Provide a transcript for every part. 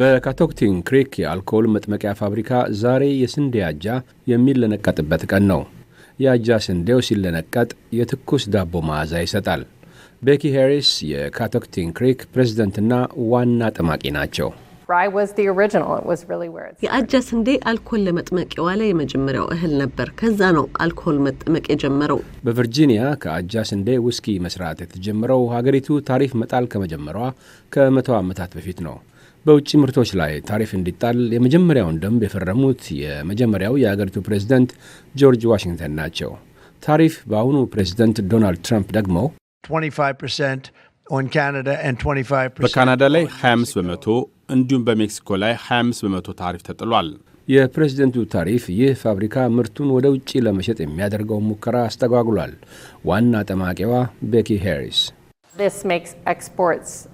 በካቶክቲን ክሪክ የአልኮል መጥመቂያ ፋብሪካ ዛሬ የስንዴ አጃ የሚለነቀጥበት ቀን ነው። የአጃ ስንዴው ሲለነቀጥ የትኩስ ዳቦ መዓዛ ይሰጣል። ቤኪ ሄሪስ የካቶክቲን ክሪክ ፕሬዝደንትና ዋና ጠማቂ ናቸው። የአጃ ስንዴ አልኮል ለመጥመቅ የዋለ የመጀመሪያው እህል ነበር። ከዛ ነው አልኮል መጠመቅ የጀመረው። በቨርጂኒያ ከአጃ ስንዴ ውስኪ መስራት የተጀመረው ሀገሪቱ ታሪፍ መጣል ከመጀመሯ ከመቶ ዓመታት በፊት ነው። በውጭ ምርቶች ላይ ታሪፍ እንዲጣል የመጀመሪያውን ደንብ የፈረሙት የመጀመሪያው የአገሪቱ ፕሬዝደንት ጆርጅ ዋሽንግተን ናቸው። ታሪፍ በአሁኑ ፕሬዝደንት ዶናልድ ትራምፕ ደግሞ በካናዳ ላይ 25 በመቶ እንዲሁም በሜክሲኮ ላይ 25 በመቶ ታሪፍ ተጥሏል። የፕሬዝደንቱ ታሪፍ ይህ ፋብሪካ ምርቱን ወደ ውጭ ለመሸጥ የሚያደርገውን ሙከራ አስተጓጉሏል። ዋና ጠማቂዋ ቤኪ ሄሪስ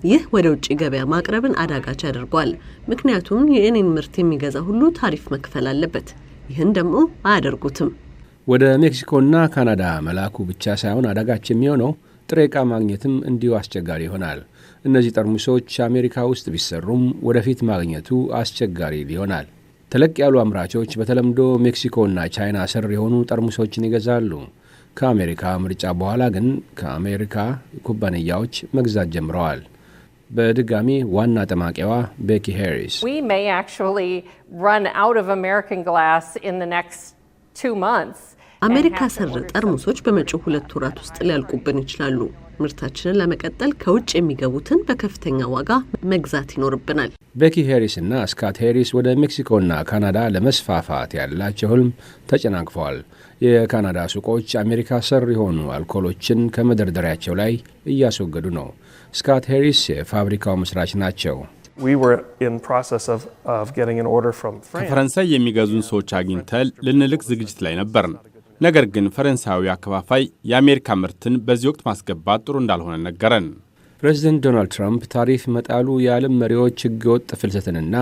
ይህ ወደ ውጭ ገበያ ማቅረብን አዳጋች ያደርገዋል። ምክንያቱም የእኔን ምርት የሚገዛ ሁሉ ታሪፍ መክፈል አለበት። ይህን ደግሞ አያደርጉትም። ወደ ሜክሲኮና ካናዳ መላኩ ብቻ ሳይሆን አዳጋች የሚሆነው ጥሬ ዕቃ ማግኘትም እንዲሁ አስቸጋሪ ይሆናል። እነዚህ ጠርሙሶች አሜሪካ ውስጥ ቢሰሩም ወደፊት ማግኘቱ አስቸጋሪ ይሆናል። ተለቅ ያሉ አምራቾች በተለምዶ ሜክሲኮና ቻይና ስር የሆኑ ጠርሙሶችን ይገዛሉ። ከአሜሪካ ምርጫ በኋላ ግን ከአሜሪካ ኩባንያዎች መግዛት ጀምረዋል። በድጋሚ ዋና ጠማቂዋ ቤኪ ሄሪስ አሜሪካ ሰር ጠርሙሶች በመጪው ሁለት ወራት ውስጥ ሊያልቁብን ይችላሉ። ምርታችንን ለመቀጠል ከውጭ የሚገቡትን በከፍተኛ ዋጋ መግዛት ይኖርብናል። ቤኪ ሄሪስ እና ስካት ሄሪስ ወደ ሜክሲኮና ካናዳ ለመስፋፋት ያላቸው ህልም ተጨናግፈዋል። የካናዳ ሱቆች አሜሪካ ሰር የሆኑ አልኮሎችን ከመደርደሪያቸው ላይ እያስወገዱ ነው። ስካት ሄሪስ የፋብሪካው መስራች ናቸው። ከፈረንሳይ የሚገዙን ሰዎች አግኝተን ልንልክ ዝግጅት ላይ ነበርን። ነገር ግን ፈረንሳዊ አከፋፋይ የአሜሪካ ምርትን በዚህ ወቅት ማስገባት ጥሩ እንዳልሆነ ነገረን። ፕሬዚደንት ዶናልድ ትራምፕ ታሪፍ መጣሉ የዓለም መሪዎች ህገወጥ ፍልሰትንና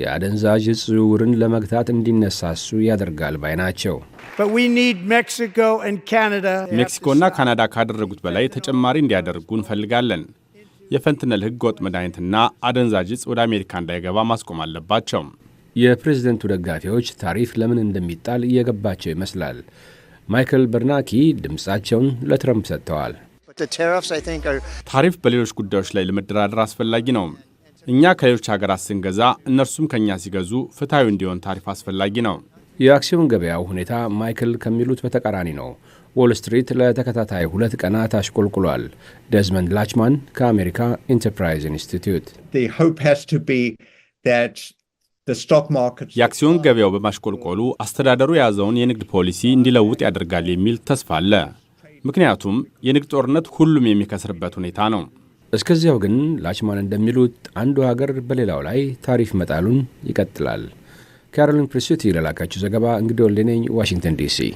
የአደንዛዥ ዕፅ ዝውውርን ለመግታት እንዲነሳሱ ያደርጋል ባይ ናቸው። ሜክሲኮና ካናዳ ካደረጉት በላይ ተጨማሪ እንዲያደርጉ እንፈልጋለን። የፈንትነል ህገወጥ መድኃኒትና አደንዛዥ ዕፅ ወደ አሜሪካ እንዳይገባ ማስቆም አለባቸው። የፕሬዝደንቱ ደጋፊዎች ታሪፍ ለምን እንደሚጣል እየገባቸው ይመስላል። ማይክል በርናኪ ድምፃቸውን ለትረምፕ ሰጥተዋል። ታሪፍ በሌሎች ጉዳዮች ላይ ለመደራደር አስፈላጊ ነው። እኛ ከሌሎች ሀገራት ስንገዛ እነርሱም ከእኛ ሲገዙ ፍትሐዊ እንዲሆን ታሪፍ አስፈላጊ ነው። የአክሲዮን ገበያው ሁኔታ ማይክል ከሚሉት በተቃራኒ ነው። ዎል ስትሪት ለተከታታይ ሁለት ቀናት አሽቆልቁሏል። ደዝመንድ ላችማን ከአሜሪካ ኢንተርፕራይዝ ኢንስቲትዩት የአክሲዮን ገበያው በማሽቆልቆሉ አስተዳደሩ የያዘውን የንግድ ፖሊሲ እንዲለውጥ ያደርጋል የሚል ተስፋ አለ። ምክንያቱም የንግድ ጦርነት ሁሉም የሚከስርበት ሁኔታ ነው። እስከዚያው ግን ላችማን እንደሚሉት አንዱ ሀገር በሌላው ላይ ታሪፍ መጣሉን ይቀጥላል። ካሮሊን ፕሪስት የላካችሁ ዘገባ እንግዲህ ወሌነኝ ዋሽንግተን ዲሲ